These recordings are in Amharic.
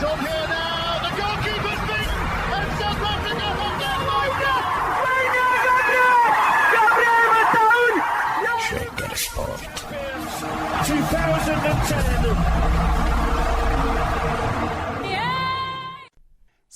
Job here now.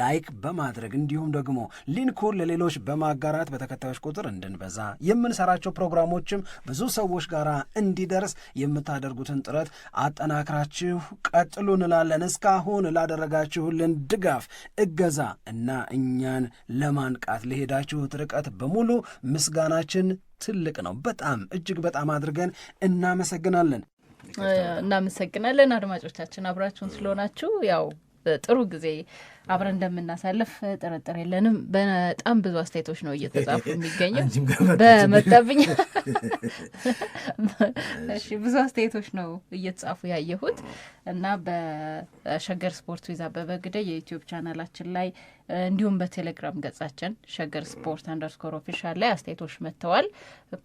ላይክ በማድረግ እንዲሁም ደግሞ ሊንኩን ለሌሎች በማጋራት በተከታዮች ቁጥር እንድንበዛ የምንሰራቸው ፕሮግራሞችም ብዙ ሰዎች ጋር እንዲደርስ የምታደርጉትን ጥረት አጠናክራችሁ ቀጥሉ እንላለን። እስካሁን ላደረጋችሁልን ድጋፍ፣ እገዛ እና እኛን ለማንቃት ለሄዳችሁት ርቀት በሙሉ ምስጋናችን ትልቅ ነው። በጣም እጅግ በጣም አድርገን እናመሰግናለን። እናመሰግናለን አድማጮቻችን አብራችሁን ስለሆናችሁ ያው ጥሩ ጊዜ አብረን እንደምናሳልፍ ጥርጥር የለንም። በጣም ብዙ አስተያየቶች ነው እየተጻፉ የሚገኘው በመጣብኝ ብዙ አስተያየቶች ነው እየተጻፉ ያየሁት እና በሸገር ስፖርት ዊዝ አበበ ግደይ ቻናላችን ላይ እንዲሁም በቴሌግራም ገጻችን ሸገር ስፖርት አንደርስኮር ኦፊሻል ላይ አስተያየቶች መጥተዋል።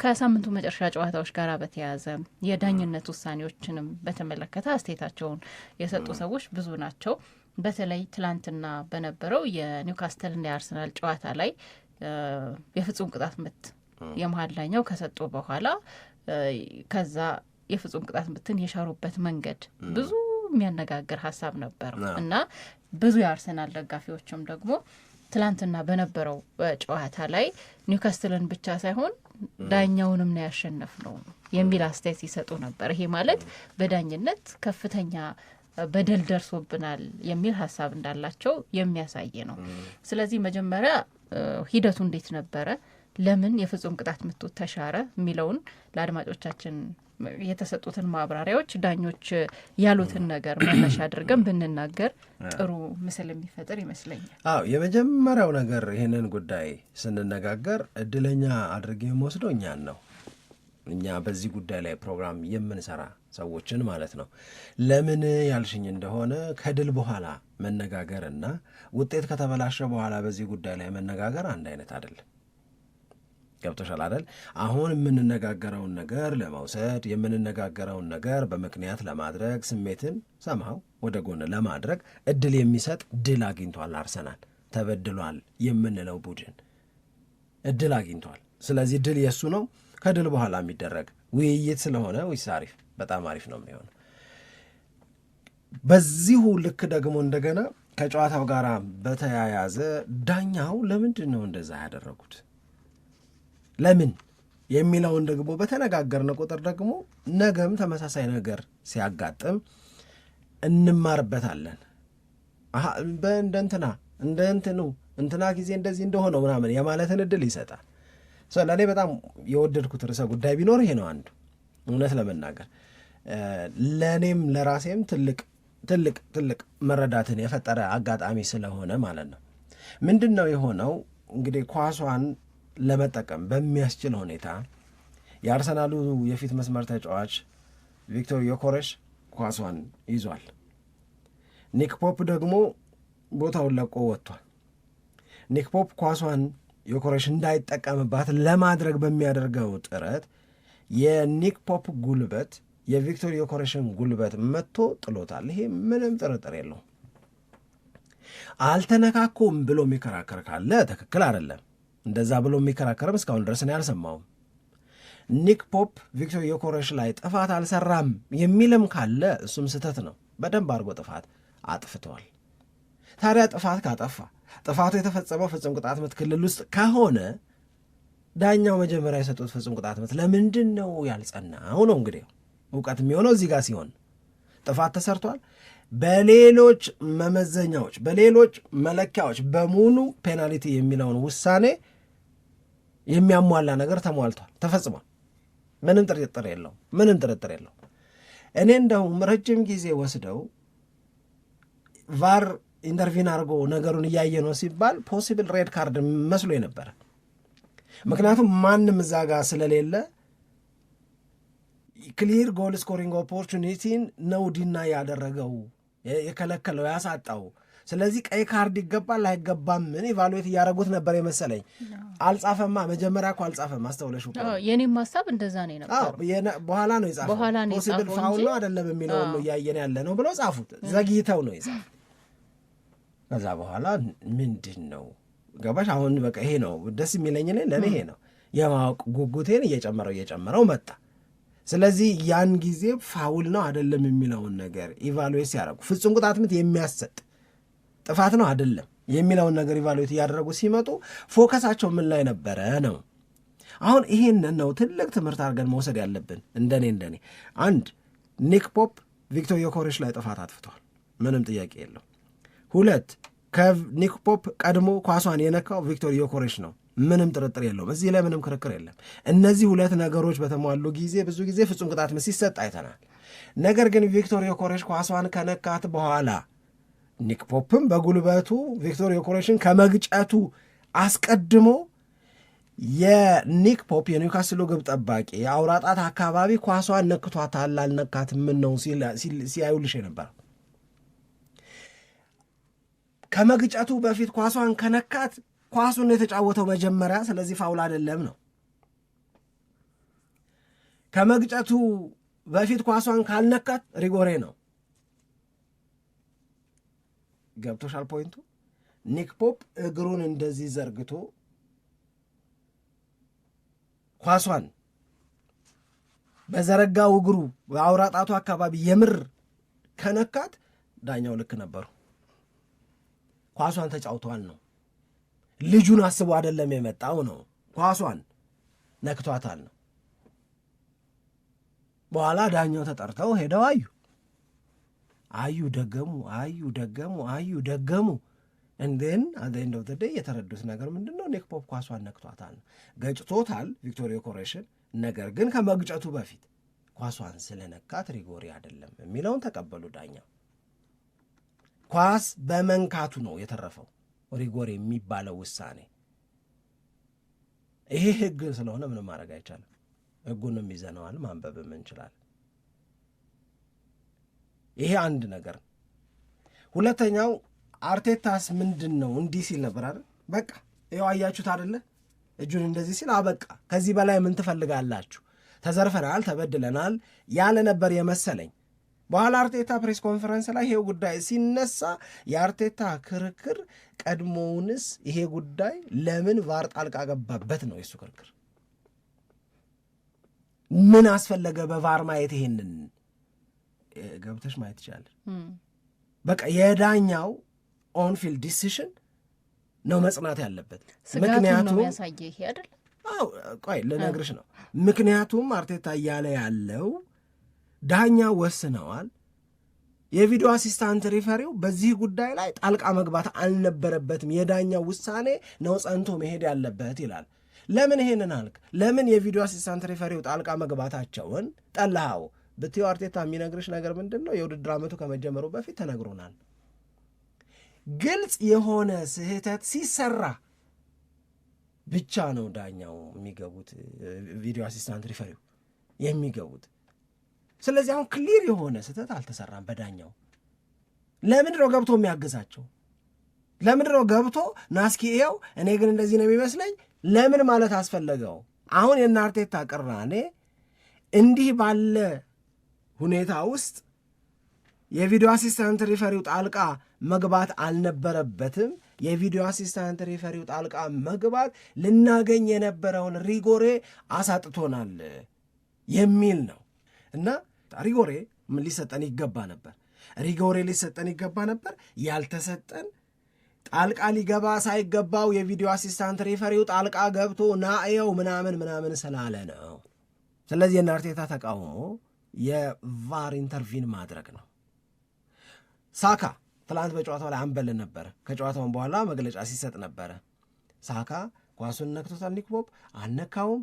ከሳምንቱ መጨረሻ ጨዋታዎች ጋር በተያያዘ የዳኝነት ውሳኔዎችንም በተመለከተ አስተያየታቸውን የሰጡ ሰዎች ብዙ ናቸው። በተለይ ትላንትና ትናንትና በነበረው የኒውካስተልና የአርሰናል ጨዋታ ላይ የፍጹም ቅጣት ምት የመሀል ዳኛው ከሰጡ በኋላ ከዛ የፍጹም ቅጣት ምትን የሻሩበት መንገድ ብዙ የሚያነጋግር ሀሳብ ነበረው እና ብዙ የአርሰናል ደጋፊዎችም ደግሞ ትላንትና በነበረው ጨዋታ ላይ ኒውካስትልን ብቻ ሳይሆን ዳኛውንም ነው ያሸነፍ ነው የሚል አስተያየት ይሰጡ ነበር። ይሄ ማለት በዳኝነት ከፍተኛ በደል ደርሶብናል የሚል ሀሳብ እንዳላቸው የሚያሳይ ነው። ስለዚህ መጀመሪያ ሂደቱ እንዴት ነበረ፣ ለምን የፍጹም ቅጣት ምቱ ተሻረ የሚለውን ለአድማጮቻችን የተሰጡትን ማብራሪያዎች ዳኞች ያሉትን ነገር መነሻ አድርገን ብንናገር ጥሩ ምስል የሚፈጥር ይመስለኛል። አዎ የመጀመሪያው ነገር ይህንን ጉዳይ ስንነጋገር እድለኛ አድርጌ የምወስደው እኛን ነው። እኛ በዚህ ጉዳይ ላይ ፕሮግራም የምንሰራ ሰዎችን ማለት ነው። ለምን ያልሽኝ እንደሆነ ከድል በኋላ መነጋገር እና ውጤት ከተበላሸ በኋላ በዚህ ጉዳይ ላይ መነጋገር አንድ አይነት አይደለም። ገብቶሻል አይደል? አሁን የምንነጋገረውን ነገር ለመውሰድ የምንነጋገረውን ነገር በምክንያት ለማድረግ ስሜትን ሰማው ወደ ጎን ለማድረግ እድል የሚሰጥ ድል አግኝቷል አርሰናል። ተበድሏል የምንለው ቡድን እድል አግኝቷል። ስለዚህ ድል የእሱ ነው። ከድል በኋላ የሚደረግ ውይይት ስለሆነ ውይስ አሪፍ በጣም አሪፍ ነው የሚሆነው። በዚሁ ልክ ደግሞ እንደገና ከጨዋታው ጋር በተያያዘ ዳኛው ለምንድን ነው እንደዛ ያደረጉት ለምን የሚለውን ደግሞ በተነጋገርን ቁጥር ደግሞ ነገም ተመሳሳይ ነገር ሲያጋጥም እንማርበታለን። በእንደንትና እንደንትኑ እንትና ጊዜ እንደዚህ እንደሆነው ምናምን የማለትን እድል ይሰጣል። ለእኔ በጣም የወደድኩት ርዕሰ ጉዳይ ቢኖር ይሄ ነው አንዱ። እውነት ለመናገር ለእኔም ለራሴም ትልቅ ትልቅ ትልቅ መረዳትን የፈጠረ አጋጣሚ ስለሆነ ማለት ነው። ምንድን ነው የሆነው እንግዲህ ኳሷን ለመጠቀም በሚያስችል ሁኔታ የአርሰናሉ የፊት መስመር ተጫዋች ቪክቶር ዮኮሬሽ ኳሷን ይዟል። ኒክ ፖፕ ደግሞ ቦታውን ለቆ ወጥቷል። ኒክ ፖፕ ኳሷን ዮኮሬሽ እንዳይጠቀምባት ለማድረግ በሚያደርገው ጥረት የኒክ ፖፕ ጉልበት የቪክቶር ዮከረስን ጉልበት መጥቶ ጥሎታል። ይሄ ምንም ጥርጥር የለው አልተነካኩም ብሎ የሚከራከር ካለ ትክክል አይደለም። እንደዛ ብሎ የሚከራከርም እስካሁን ድረስ እኔ አልሰማውም። ኒክ ፖፕ ቪክቶር ዮከረስ ላይ ጥፋት አልሰራም የሚልም ካለ እሱም ስህተት ነው። በደንብ አድርጎ ጥፋት አጥፍተዋል። ታዲያ ጥፋት ካጠፋ ጥፋቱ የተፈጸመው ፍጹም ቅጣት ምት ክልል ውስጥ ከሆነ ዳኛው መጀመሪያ የሰጡት ፍጹም ቅጣት ምት ለምንድን ነው ያልጸናው? ነው እንግዲህ እውቀት የሚሆነው እዚህ ጋር ሲሆን ጥፋት ተሰርቷል። በሌሎች መመዘኛዎች፣ በሌሎች መለኪያዎች በሙሉ ፔናልቲ የሚለውን ውሳኔ የሚያሟላ ነገር ተሟልቷል፣ ተፈጽሟል። ምንም ጥርጥር የለው፣ ምንም ጥርጥር የለው። እኔ እንደውም ረጅም ጊዜ ወስደው ቫር ኢንተርቪን አድርጎ ነገሩን እያየ ነው ሲባል ፖሲብል ሬድ ካርድ መስሎ የነበረ ምክንያቱም ማንም እዛ ጋር ስለሌለ ክሊር ጎል ስኮሪንግ ኦፖርቹኒቲን ነው ዲና ያደረገው የከለከለው ያሳጣው። ስለዚህ ቀይ ካርድ ይገባል አይገባም ምን ኢቫሉዌት እያደረጉት ነበር የመሰለኝ። አልጻፈማ መጀመሪያ እኮ አልጻፈም። አስተውለሽ የኔም ሀሳብ እንደዛ ነው የነበረው። በኋላ ነው የጻፈው። ፖሲብል ፋውል ነው አይደለም የሚለውን ነው እያየን ያለ ነው ብለው ጻፉት። ዘግይተው ነው የጻፉት። ከዛ በኋላ ምንድን ነው ገባሽ? አሁን በቃ ይሄ ነው ደስ የሚለኝ እኔ ለእኔ ይሄ ነው የማወቅ ጉጉቴን እየጨመረው እየጨመረው መጣ። ስለዚህ ያን ጊዜ ፋውል ነው አይደለም የሚለውን ነገር ኢቫሉዌት ሲያደርጉ ፍጹም ቅጣት ምት የሚያሰጥ ጥፋት ነው አይደለም የሚለውን ነገር ኢቫሉዌት እያደረጉ ሲመጡ ፎከሳቸው ምን ላይ ነበረ ነው። አሁን ይሄን ነው ትልቅ ትምህርት አድርገን መውሰድ ያለብን። እንደኔ እንደኔ አንድ ኒክ ፖፕ ቪክቶር ዮኮሬሽ ላይ ጥፋት አጥፍተዋል፣ ምንም ጥያቄ የለው። ሁለት ከኒክ ፖፕ ቀድሞ ኳሷን የነካው ቪክቶር ዮኮሬሽ ነው። ምንም ጥርጥር የለውም። እዚህ ላይ ምንም ክርክር የለም። እነዚህ ሁለት ነገሮች በተሟሉ ጊዜ ብዙ ጊዜ ፍጹም ቅጣት ምት ሲሰጥ አይተናል። ነገር ግን ቪክቶር ዮኮሬሽ ኳሷን ከነካት በኋላ ኒክ ፖፕም በጉልበቱ ቪክቶር ዮኮሬሽን ከመግጨቱ አስቀድሞ የኒክ ፖፕ የኒውካስሉ ግብ ጠባቂ የአውራጣት አካባቢ ኳሷን ነክቷታል አልነካትም ነው ሲያዩልሽ ነበር። ከመግጨቱ በፊት ኳሷን ከነካት ኳሱን የተጫወተው መጀመሪያ፣ ስለዚህ ፋውል አይደለም ነው። ከመግጨቱ በፊት ኳሷን ካልነካት ሪጎሬ ነው። ገብቶሻል ፖይንቱ? ኒክ ፖፕ እግሩን እንደዚህ ዘርግቶ ኳሷን በዘረጋው እግሩ በአውራ ጣቱ አካባቢ የምር ከነካት ዳኛው ልክ ነበሩ። ኳሷን ተጫውቷል ነው። ልጁን አስቦ አይደለም የመጣው ነው። ኳሷን ነክቷታል ነው። በኋላ ዳኛው ተጠርተው ሄደው አዩ አዩ ደገሙ አዩ ደገሙ አዩ ደገሙ እንዴን አንድ ኦፍ የተረዱት ነገር ምንድን ነው? ኔክ ፖፕ ኳሷን ነክቷታል፣ ገጭቶታል ቪክቶሪዮ ኮሬሽን። ነገር ግን ከመግጨቱ በፊት ኳሷን ስለነካት ሪጎሪ አይደለም የሚለውን ተቀበሉ ዳኛው። ኳስ በመንካቱ ነው የተረፈው። ሪጎር የሚባለው ውሳኔ ይሄ ህግ ስለሆነ ምንም ማድረግ አይቻልም። ህጉንም ይዘነዋል ማንበብም እንችላለን። ይሄ አንድ ነገር። ሁለተኛው አርቴታስ ምንድን ነው እንዲህ ሲል ነበር አይደል? በቃ ይኸው አያችሁት አደለ? እጁን እንደዚህ ሲል አበቃ። ከዚህ በላይ ምን ትፈልጋላችሁ? ተዘርፈናል፣ ተበድለናል ያለ ነበር የመሰለኝ። በኋላ አርቴታ ፕሬስ ኮንፈረንስ ላይ ይሄ ጉዳይ ሲነሳ የአርቴታ ክርክር ቀድሞውንስ ይሄ ጉዳይ ለምን ቫር ጣልቃ ገባበት ነው የሱ ክርክር። ምን አስፈለገ በቫር ማየት? ይሄንን ገብተሽ ማየት ይቻላል። በቃ የዳኛው ኦንፊልድ ዲሲሽን ነው መጽናት ያለበት። ምክንያቱም ቆይ ልነግርሽ ነው። ምክንያቱም አርቴታ እያለ ያለው ዳኛ ወስነዋል። የቪዲዮ አሲስታንት ሪፈሪው በዚህ ጉዳይ ላይ ጣልቃ መግባት አልነበረበትም፣ የዳኛ ውሳኔ ነው ጸንቶ መሄድ ያለበት ይላል። ለምን ይሄንን አልክ? ለምን የቪዲዮ አሲስታንት ሪፈሪው ጣልቃ መግባታቸውን ጠላሃው? ብትዮ አርቴታ የሚነግርሽ ነገር ምንድን ነው? የውድድር ዓመቱ ከመጀመሩ በፊት ተነግሮናል። ግልጽ የሆነ ስህተት ሲሰራ ብቻ ነው ዳኛው የሚገቡት ቪዲዮ አሲስታንት ሪፈሪው የሚገቡት ስለዚህ አሁን ክሊር የሆነ ስህተት አልተሰራም በዳኛው ለምንድን ነው ገብቶ የሚያግዛቸው ለምንድን ነው ገብቶ ይኸው እኔ ግን እንደዚህ ነው የሚመስለኝ ለምን ማለት አስፈለገው አሁን የእነ አርቴታ ቅራኔ እንዲህ ባለ ሁኔታ ውስጥ የቪዲዮ አሲስታንት ሪፈሪው ጣልቃ መግባት አልነበረበትም። የቪዲዮ አሲስታንት ሪፈሪው ጣልቃ መግባት ልናገኝ የነበረውን ሪጎሬ አሳጥቶናል የሚል ነው። እና ሪጎሬ ሊሰጠን ይገባ ነበር። ሪጎሬ ሊሰጠን ይገባ ነበር። ያልተሰጠን ጣልቃ ሊገባ ሳይገባው የቪዲዮ አሲስታንት ሪፈሪው ጣልቃ ገብቶ ናየው ምናምን ምናምን ስላለ ነው። ስለዚህ የእነ ተቃውሞ የቫር ኢንተርቪን ማድረግ ነው። ሳካ ትላንት በጨዋታው ላይ አንበል ነበረ። ከጨዋታውን በኋላ መግለጫ ሲሰጥ ነበረ። ሳካ ኳሱን ነክቶታል፣ ኒክ አነካውም አልነካውም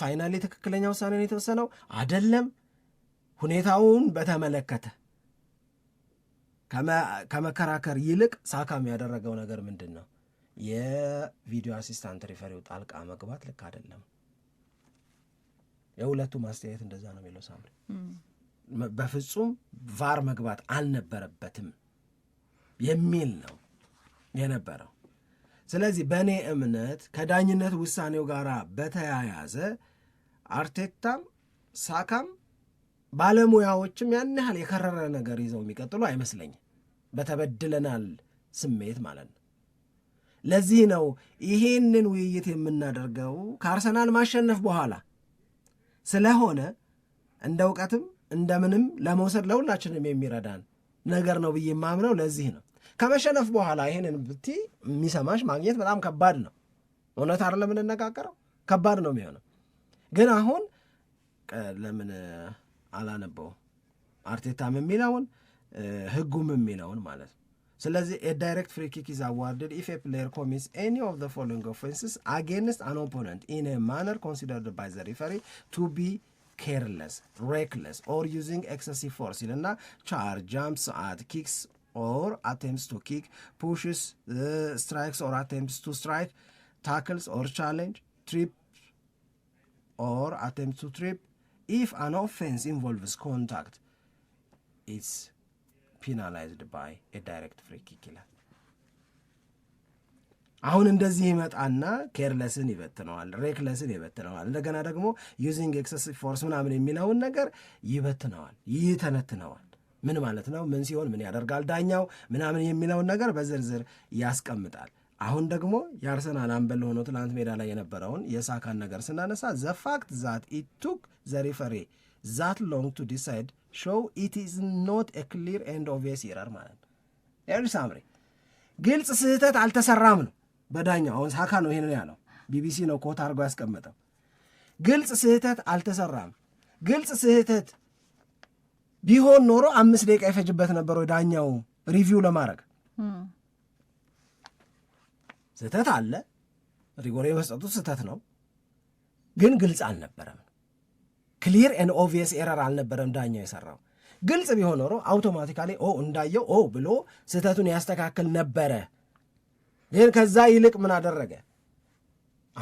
ፋይናሊ ትክክለኛ ውሳኔ ነው የተወሰነው አደለም፣ ሁኔታውን በተመለከተ ከመከራከር ይልቅ ሳካም ያደረገው ነገር ምንድን ነው? የቪዲዮ አሲስታንት ሪፈሪው ጣልቃ መግባት ልክ አደለም። የሁለቱ ማስተያየት እንደዛ ነው የሚለው ሳምሪ። በፍጹም ቫር መግባት አልነበረበትም የሚል ነው የነበረው። ስለዚህ በእኔ እምነት ከዳኝነት ውሳኔው ጋር በተያያዘ አርቴታም ሳካም ባለሙያዎችም ያን ያህል የከረረ ነገር ይዘው የሚቀጥሉ አይመስለኝም። በተበድለናል ስሜት ማለት ነው። ለዚህ ነው ይሄንን ውይይት የምናደርገው ከአርሰናል ማሸነፍ በኋላ ስለሆነ እንደ እውቀትም እንደምንም ለመውሰድ ለሁላችንም የሚረዳን ነገር ነው ብዬ የማምነው ለዚህ ነው። ከመሸነፍ በኋላ ይህንን ብቲ የሚሰማሽ ማግኘት በጣም ከባድ ነው። እውነት አር ለምንነጋገረው ከባድ ነው የሚሆነው። ግን አሁን ለምን አላነበው አርቴታም የሚለውን ህጉም የሚለውን ማለት ነው። ስለዚህ የዳይሬክት ፍሪኪክ ኪክ ኢዝ አዋርድድ ኢፍ ኤ ፕሌየር ኮሚትስ ኤኒ ኦፍ ዘ ፎሎዊንግ ኦፌንስስ አጌንስት አን ኦፖነንት ኢን ማነር ኮንሲደርድ ባይ ዘ ሪፈሪ ቱ ቢ ኬርለስ ሬክለስ ኦር ዩዚንግ ኤክሰሲቭ ፎርስ ይልና ቻር ጃምፕ ሰዓት ኪክስ ኦር አቴምፕስ ቱ ኪክ ፑሽስ ስትራይክስ ኦር አቴምፕስ ቱ ስትራይክ ታክልስ ኦር ቻሌንጅ ትሪፕ ኦር አቴምፕስ ቱ ትሪፕ ኢፍ አን ኦፌንስ ኢንቮልቭስ ኮንታክት ኢትስ ፒናላይዝድ ባይ ዳይሬክት ፍሪ ኪክ ይላል። አሁን እንደዚህ ይመጣና ኬርለስን ይበትነዋል፣ ሬክለስን ይበትነዋል። እንደገና ደግሞ ዩዚንግ ኤክሰሲቭ ፎርስ ምናምን የሚለውን ነገር ይበትነዋል፣ ይተነትነዋል። ምን ማለት ነው፣ ምን ሲሆን ምን ያደርጋል ዳኛው ምናምን የሚለውን ነገር በዝርዝር ያስቀምጣል። አሁን ደግሞ የአርሰናል አምበል ሆኖ ትናንት ሜዳ ላይ የነበረውን የሳካን ነገር ስናነሳ ዘ ፋክት ዛት ኢት ቱክ ዘ ዛት ሎንግ ቱ ዲሳይድ ሾው ኢት ኢዝ ኖት ኤ ክሊር ኤንድ ኦብቪየስ ኢረር ማለት ነው። ኤርስ አምሬ ግልጽ ስህተት አልተሰራም ነው በዳኛው። አሁን ሳካ ነው ይሄንን ያለው፣ ቢቢሲ ነው ኮት አድርጎ ያስቀመጠው። ግልጽ ስህተት አልተሰራም፣ ግልጽ ስህተት ቢሆን ኖሮ አምስት ደቂቃ ይፈጅበት ነበር ወይ ዳኛው ሪቪው ለማድረግ። ስህተት አለ፣ ሪጎር የመስጠቱ ስህተት ነው፣ ግን ግልጽ አልነበረም። ክሊር ኤን ኦቪየስ ኤረር አልነበረም ዳኛው የሰራው። ግልጽ ቢሆን ኖሮ አውቶማቲካሊ ኦ እንዳየው ኦ ብሎ ስህተቱን ያስተካክል ነበረ። ግን ከዛ ይልቅ ምን አደረገ?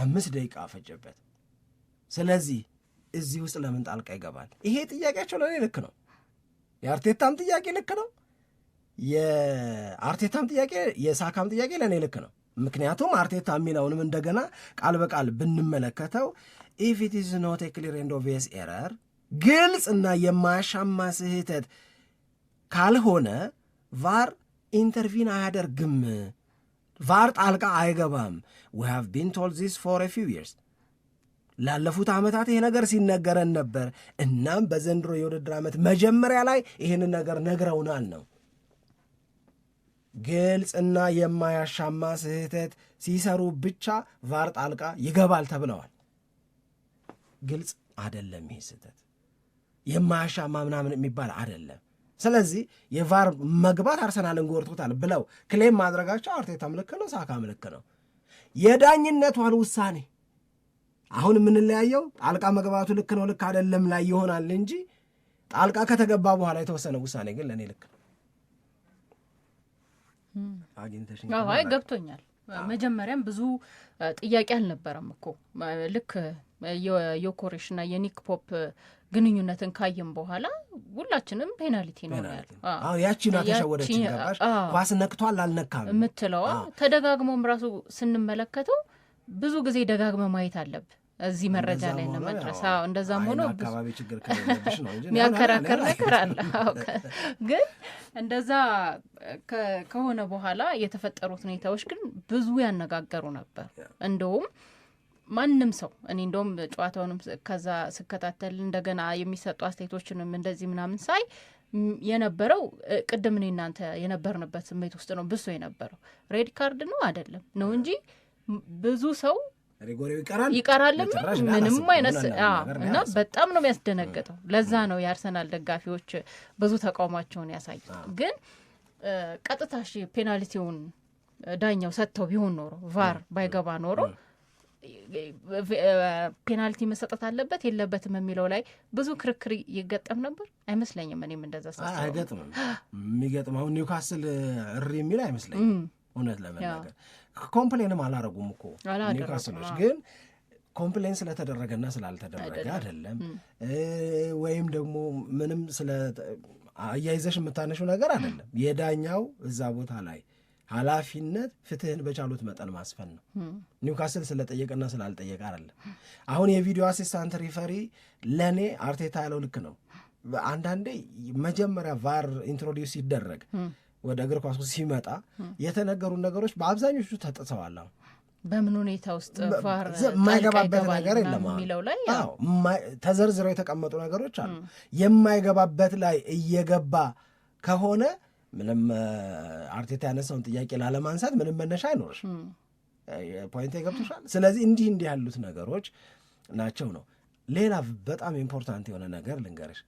አምስት ደቂቃ ፈጀበት። ስለዚህ እዚህ ውስጥ ለምን ጣልቃ ይገባል? ይሄ ጥያቄያቸው ለእኔ ልክ ነው። የአርቴታም ጥያቄ ልክ ነው። የአርቴታም ጥያቄ የሳካም ጥያቄ ለእኔ ልክ ነው። ምክንያቱም አርቴታ የሚለውንም እንደገና ቃል በቃል ብንመለከተው ኢፍ ኢት ኢዝ ኖት ክሊር ኤንድ ኦብቪየስ ኤረር ግልጽ እና የማያሻማ ስህተት ካልሆነ ቫር ኢንተርቪን አያደርግም፣ ቫር ጣልቃ አይገባም። ዊ ሃቭ ቢን ቶልድ ዚስ ፎር ፊው ይርስ ላለፉት ዓመታት ይሄ ነገር ሲነገረን ነበር። እናም በዘንድሮ የውድድር ዓመት መጀመሪያ ላይ ይህንን ነገር ነግረውናል ነው። ግልጽና የማያሻማ ስህተት ሲሰሩ ብቻ ቫር ጣልቃ ይገባል ተብለዋል። ግልጽ አደለም። ይህ ስህተት የማያሻማ ምናምን የሚባል አደለም። ስለዚህ የቫር መግባት አርሰናልን ጎርቶታል ብለው ክሌም ማድረጋቸው አርቴታ ልክ ነው፣ ሳካ ምልክ ነው። የዳኝነቷን ውሳኔ አሁን የምንለያየው ጣልቃ መግባቱ ልክ ነው ልክ አይደለም ላይ ይሆናል እንጂ ጣልቃ ከተገባ በኋላ የተወሰነ ውሳኔ ግን ለእኔ ልክ ነው። አይ ገብቶኛል። መጀመሪያም ብዙ ጥያቄ አልነበረም እኮ ልክ የዮኮሬሽና የኒክ ፖፕ ግንኙነትን ካየም በኋላ ሁላችንም ፔናልቲ ነው ያለ። ያቺ ተሸወደች ገባሽ፣ ኳስ ነክቷል አልነካም የምትለዋ ተደጋግሞም ራሱ ስንመለከተው ብዙ ጊዜ ደጋግመ ማየት አለብ እዚህ መረጃ ላይ ለመድረስ እንደዛም ሆኖ አካባቢ ችግር የሚያከራከር ነገር አለ። ግን እንደዛ ከሆነ በኋላ የተፈጠሩት ሁኔታዎች ግን ብዙ ያነጋገሩ ነበር። እንደውም ማንም ሰው እኔ እንደውም ጨዋታውንም ከዛ ስከታተል እንደገና የሚሰጡ አስተያየቶችንም እንደዚህ ምናምን ሳይ የነበረው ቅድም እኔ እናንተ የነበርንበት ስሜት ውስጥ ነው ብሶ የነበረው ሬድ ካርድ ነው አይደለም ነው እንጂ ብዙ ሰው ይቀራል ምንም አይነት እና በጣም ነው የሚያስደነግጠው። ለዛ ነው የአርሰናል ደጋፊዎች ብዙ ተቃውሟቸውን ያሳዩት። ግን ቀጥታ ሺ ፔናልቲውን ዳኛው ሰጥተው ቢሆን ኖሮ ቫር ባይገባ ኖሮ ፔናልቲ መሰጠት አለበት የለበትም የሚለው ላይ ብዙ ክርክር ይገጠም ነበር አይመስለኝም። እኔም እንደዛ አይገጥምም። የሚገጥም አሁን ኒውካስል እሪ የሚል አይመስለኝም እውነት ለመናገር ኮምፕሌንም አላረጉም እኮ ኒውካስሎች ግን ኮምፕሌን ስለተደረገና ስላልተደረገ አይደለም፣ ወይም ደግሞ ምንም ስለ አያይዘሽ የምታነሹ ነገር አይደለም። የዳኛው እዛ ቦታ ላይ ኃላፊነት ፍትህን በቻሉት መጠን ማስፈን ነው። ኒውካስል ስለጠየቀና ስላልጠየቀ አይደለም። አሁን የቪዲዮ አሲስታንት ሪፈሪ ለእኔ አርቴታ ያለው ልክ ነው። አንዳንዴ መጀመሪያ ቫር ኢንትሮዲውስ ይደረግ ወደ እግር ኳስ ሲመጣ የተነገሩን ነገሮች በአብዛኞቹ ተጥሰዋል። በምን ሁኔታ ውስጥ የማይገባበት ነገር የለም ተዘርዝረው የተቀመጡ ነገሮች አሉ። የማይገባበት ላይ እየገባ ከሆነ ምንም አርቴታ ያነሳውን ጥያቄ ላለማንሳት ምንም መነሻ አይኖርሽ። ፖይንት ገብቶሻል። ስለዚህ እንዲህ እንዲህ ያሉት ነገሮች ናቸው ነው። ሌላ በጣም ኢምፖርታንት የሆነ ነገር ልንገርሽ።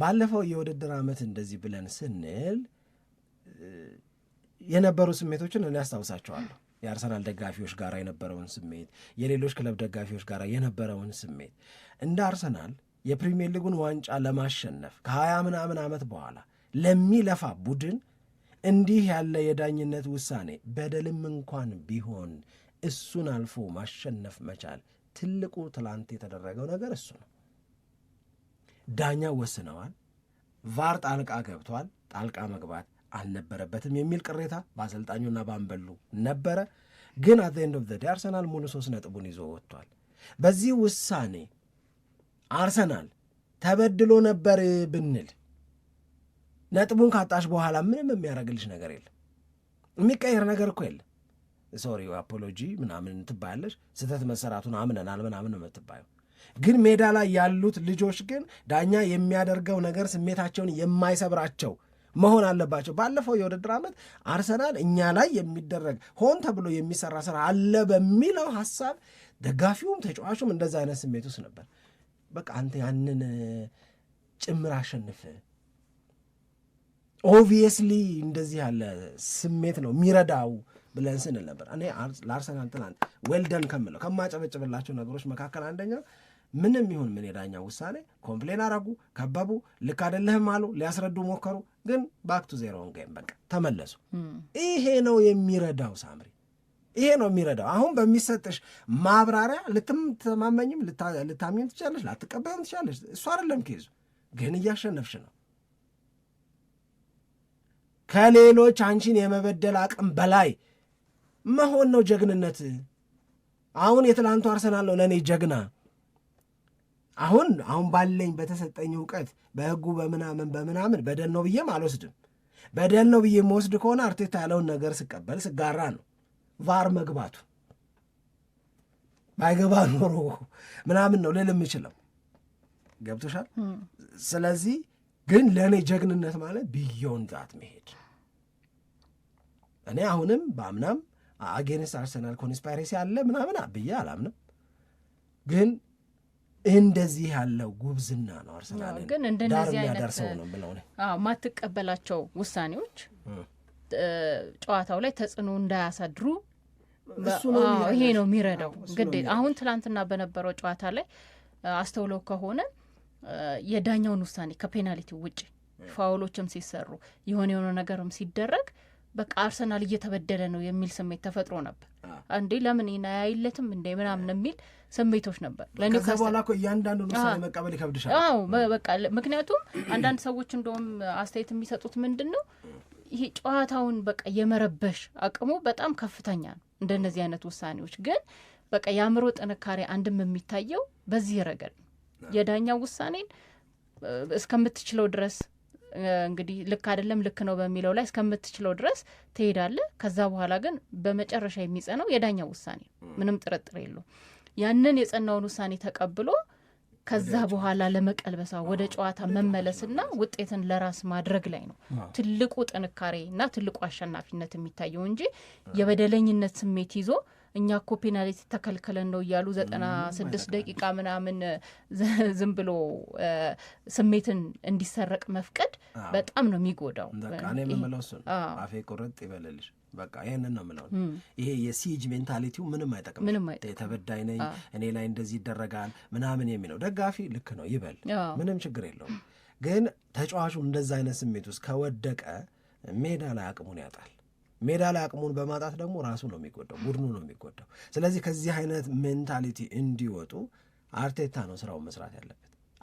ባለፈው የውድድር ዓመት እንደዚህ ብለን ስንል የነበሩ ስሜቶችን እኔ ያስታውሳቸዋለሁ። የአርሰናል ደጋፊዎች ጋር የነበረውን ስሜት፣ የሌሎች ክለብ ደጋፊዎች ጋር የነበረውን ስሜት እንደ አርሰናል የፕሪሚየር ሊጉን ዋንጫ ለማሸነፍ ከሀያ ምናምን ዓመት በኋላ ለሚለፋ ቡድን እንዲህ ያለ የዳኝነት ውሳኔ በደልም እንኳን ቢሆን እሱን አልፎ ማሸነፍ መቻል ትልቁ ትላንት የተደረገው ነገር እሱ ነው። ዳኛ ወስነዋል። ቫር ጣልቃ ገብቷል። ጣልቃ መግባት አልነበረበትም የሚል ቅሬታ በአሰልጣኙና በአንበሉ ነበረ። ግን አት ኤንድ ኦፍ ዘ አርሰናል ሙሉ ሶስት ነጥቡን ይዞ ወጥቷል። በዚህ ውሳኔ አርሰናል ተበድሎ ነበር ብንል ነጥቡን ካጣሽ በኋላ ምንም የሚያደርግልሽ ነገር የለም። የሚቀየር ነገር እኮ የለም። ሶሪ አፖሎጂ ምናምን ትባያለሽ። ስህተት መሰራቱን አምነናል ምናምን ነው የምትባየው። ግን ሜዳ ላይ ያሉት ልጆች ግን ዳኛ የሚያደርገው ነገር ስሜታቸውን የማይሰብራቸው መሆን አለባቸው። ባለፈው የውድድር ዓመት አርሰናል እኛ ላይ የሚደረግ ሆን ተብሎ የሚሰራ ስራ አለ በሚለው ሀሳብ ደጋፊውም ተጫዋቹም እንደዛ አይነት ስሜት ውስጥ ነበር። በቃ አንተ ያንን ጭምር አሸንፍ። ኦብቪየስሊ እንደዚህ ያለ ስሜት ነው የሚረዳው ብለን ስንል ነበር። እኔ ለአርሰናል ትናንት ዌልደን ከምለው ከማጨበጭብላቸው ነገሮች መካከል አንደኛው ምንም ይሁን ምን የዳኛ ውሳኔ ኮምፕሌን አረጉ፣ ከበቡ፣ ልክ አይደለህም አሉ፣ ሊያስረዱ ሞከሩ፣ ግን ባክቱ ዜሮን ጌም በቃ ተመለሱ። ይሄ ነው የሚረዳው ሳምሪ፣ ይሄ ነው የሚረዳው። አሁን በሚሰጥሽ ማብራሪያ ልትም ተማመኝም ልታምኝም ትችላለች፣ ላትቀበልም ትችላለች። እሱ አይደለም ከይዙ ግን እያሸነፍሽ ነው። ከሌሎች አንቺን የመበደል አቅም በላይ መሆን ነው ጀግንነት። አሁን የትላንቱ አርሰናል ነው ለእኔ ጀግና አሁን አሁን ባለኝ በተሰጠኝ እውቀት በህጉ በምናምን በምናምን በደል ነው ብዬም አልወስድም። በደል ነው ብዬ የምወስድ ከሆነ አርቴታ ያለውን ነገር ስቀበል ስጋራ ነው ቫር መግባቱ ባይገባ ኖሮ ምናምን ነው ልል የምችለው ገብቶሻል። ስለዚህ ግን ለእኔ ጀግንነት ማለት ቢዮን ዛት መሄድ እኔ አሁንም በአምናም አጌንስት አርሰናል ኮንስፓይሬሲ አለ ምናምን ብዬ አላምንም ግን እንደዚህ ያለው ጉብዝና ነው አርሰናልን ግን እንደነዚህ ያደርሰው ነው ብለው ማትቀበላቸው ውሳኔዎች ጨዋታው ላይ ተጽዕኖ እንዳያሳድሩ ይሄ ነው የሚረዳው። ግዴታ አሁን ትላንትና በነበረው ጨዋታ ላይ አስተውለው ከሆነ የዳኛውን ውሳኔ ከፔናልቲ ውጭ ፋውሎችም ሲሰሩ የሆነ የሆነ ነገርም ሲደረግ በቃ አርሰናል እየተበደለ ነው የሚል ስሜት ተፈጥሮ ነበር። እንዴ ለምን ይናያይለትም እንዴ ምናምን የሚል ስሜቶች ነበር። ከዛ በኋላ እኮ እያንዳንዱ ውሳኔ መቀበል ይከብድሻል። በቃ ምክንያቱም አንዳንድ ሰዎች እንደውም አስተያየት የሚሰጡት ምንድን ነው ይሄ ጨዋታውን በቃ የመረበሽ አቅሙ በጣም ከፍተኛ ነው። እንደነዚህ አይነት ውሳኔዎች ግን በቃ የአእምሮ ጥንካሬ አንድም የሚታየው በዚህ ረገድ ነው። የዳኛው ውሳኔን እስከምትችለው ድረስ እንግዲህ ልክ አይደለም ልክ ነው በሚለው ላይ እስከምትችለው ድረስ ትሄዳለ። ከዛ በኋላ ግን በመጨረሻ የሚጸናው የዳኛው ውሳኔ ምንም ጥርጥር የለውም። ያንን የጸናውን ውሳኔ ተቀብሎ ከዛ በኋላ ለመቀልበሳ ወደ ጨዋታ መመለስና ውጤትን ለራስ ማድረግ ላይ ነው ትልቁ ጥንካሬና ትልቁ አሸናፊነት የሚታየው እንጂ የበደለኝነት ስሜት ይዞ እኛ እኮ ፔናልቲ ተከልከለን ነው እያሉ ዘጠና ስድስት ደቂቃ ምናምን ዝም ብሎ ስሜትን እንዲሰረቅ መፍቀድ በጣም ነው የሚጎዳው። እኔ የምለው እሱን አፌ ቁርጥ ይበልልሽ። በቃ ይህንን ነው የምለው። ይሄ የሲጅ ሜንታሊቲው ምንም አይጠቅም። የተበዳይ ነኝ እኔ ላይ እንደዚህ ይደረጋል ምናምን የሚለው ደጋፊ ልክ ነው ይበል፣ ምንም ችግር የለውም። ግን ተጫዋቹ እንደዛ አይነት ስሜት ውስጥ ከወደቀ ሜዳ ላይ አቅሙን ያጣል። ሜዳ ላይ አቅሙን በማጣት ደግሞ ራሱ ነው የሚጎዳው፣ ቡድኑ ነው የሚጎዳው። ስለዚህ ከዚህ አይነት ሜንታሊቲ እንዲወጡ አርቴታ ነው ስራውን መስራት ያለበት።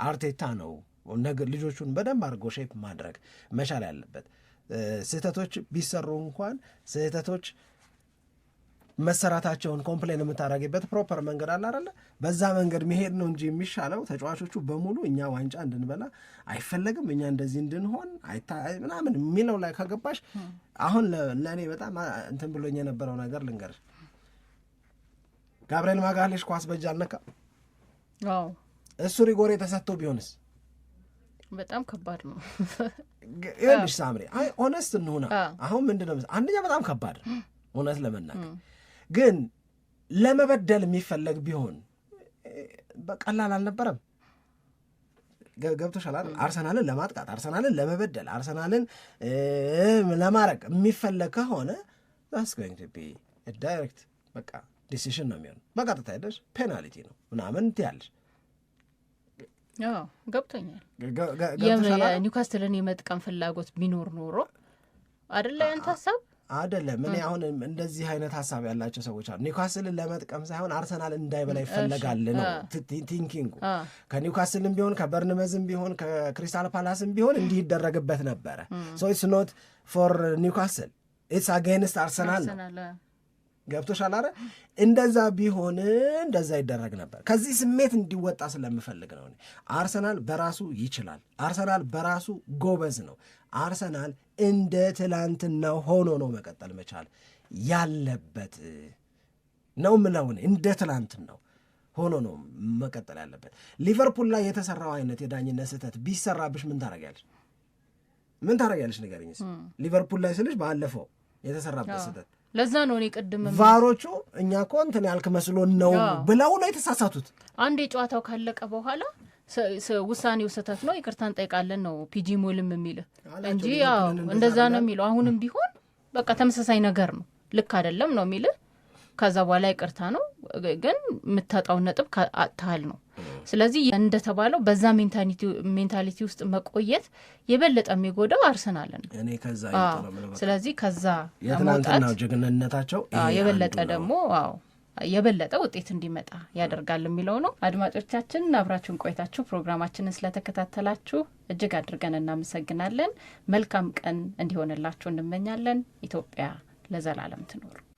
አርቴታ ነው ነገ ልጆቹን በደንብ አድርጎ ሼፕ ማድረግ መቻል ያለበት። ስህተቶች ቢሰሩ እንኳን ስህተቶች መሰራታቸውን ኮምፕሌን የምታደርግበት ፕሮፐር መንገድ አለ አይደለ? በዛ መንገድ መሄድ ነው እንጂ የሚሻለው። ተጫዋቾቹ በሙሉ እኛ ዋንጫ እንድንበላ አይፈለግም፣ እኛ እንደዚህ እንድንሆን ምናምን የሚለው ላይ ከገባሽ፣ አሁን ለእኔ በጣም እንትን ብሎኝ የነበረው ነገር ልንገር፣ ጋብርኤል ማጋሌሽ ኳስ በእጅ አልነካ። እሱ ሪጎሬ ተሰጥቶ ቢሆንስ በጣም ከባድ ነው። ይኸውልሽ ሳምሪ ኦነስት እንሁና። አሁን ምንድን ነው አንደኛ በጣም ከባድ ነው እውነት ለመናገር ግን ለመበደል የሚፈለግ ቢሆን በቀላል አልነበረም። ገብቶሻል አይደል? አርሰናልን ለማጥቃት አርሰናልን ለመበደል አርሰናልን ለማድረግ የሚፈለግ ከሆነ ዛስ ዳይሬክት በቃ ዲሲሽን ነው የሚሆን። በቀጥታ ያለሽ ፔናልቲ ነው ምናምን ትያለሽ። ገብቶኛል። ኒውካስትልን የመጥቀም ፍላጎት ቢኖር ኖሮ አይደለ ያንተ ሀሳብ አይደለም። እኔ አሁን እንደዚህ አይነት ሀሳብ ያላቸው ሰዎች አሉ። ኒውካስልን ለመጥቀም ሳይሆን አርሰናል እንዳይበላ ይፈለጋል ነው ቲንኪንጉ። ከኒውካስልም ቢሆን ከበርንመዝም ቢሆን ከክሪስታል ፓላስም ቢሆን እንዲህ ይደረግበት ነበረ። ሶ ኢትስ ኖት ፎር ኒውካስል ኢትስ አጌንስት አርሰናል ነው ገብቶሻል አረ እንደዛ ቢሆን እንደዛ ይደረግ ነበር። ከዚህ ስሜት እንዲወጣ ስለምፈልግ ነው። አርሰናል በራሱ ይችላል። አርሰናል በራሱ ጎበዝ ነው። አርሰናል እንደ ትላንትና ሆኖ ነው መቀጠል መቻል ያለበት ነው ምለውን እንደ ትላንት ነው ሆኖ ነው መቀጠል ያለበት። ሊቨርፑል ላይ የተሰራው አይነት የዳኝነት ስህተት ቢሰራብሽ ምን ታደርጊያለሽ? ምን ታደርጊያለሽ ንገሪኝ። ሊቨርፑል ላይ ስልሽ ባለፈው የተሰራበት ስህተት ለዛ ነው እኔ ቅድም ቫሮቹ እኛ እኮ እንትን ያልክ መስሎን ነው ብለው ነው የተሳሳቱት። አንድ የጨዋታው ካለቀ በኋላ ውሳኔው ስህተት ነው ይቅርታ እንጠይቃለን ነው ፒጂ ሞልም የሚልህ እንጂ ያው እንደዛ ነው የሚለው። አሁንም ቢሆን በቃ ተመሳሳይ ነገር ነው ልክ አይደለም ነው የሚልህ ከዛ በኋላ ይቅርታ ነው፣ ግን የምታጣውን ነጥብ አጥተሃል ነው። ስለዚህ እንደተባለው በዛ ሜንታሊቲ ውስጥ መቆየት የበለጠ የሚጎዳው አርሰናልን። ስለዚህ ከዛ የትናንትና ጀግንነታቸው የበለጠ ደግሞ አዎ የበለጠ ውጤት እንዲመጣ ያደርጋል የሚለው ነው። አድማጮቻችን አብራችሁን ቆይታችሁ ፕሮግራማችንን ስለተከታተላችሁ እጅግ አድርገን እናመሰግናለን። መልካም ቀን እንዲሆንላችሁ እንመኛለን። ኢትዮጵያ ለዘላለም ትኖር።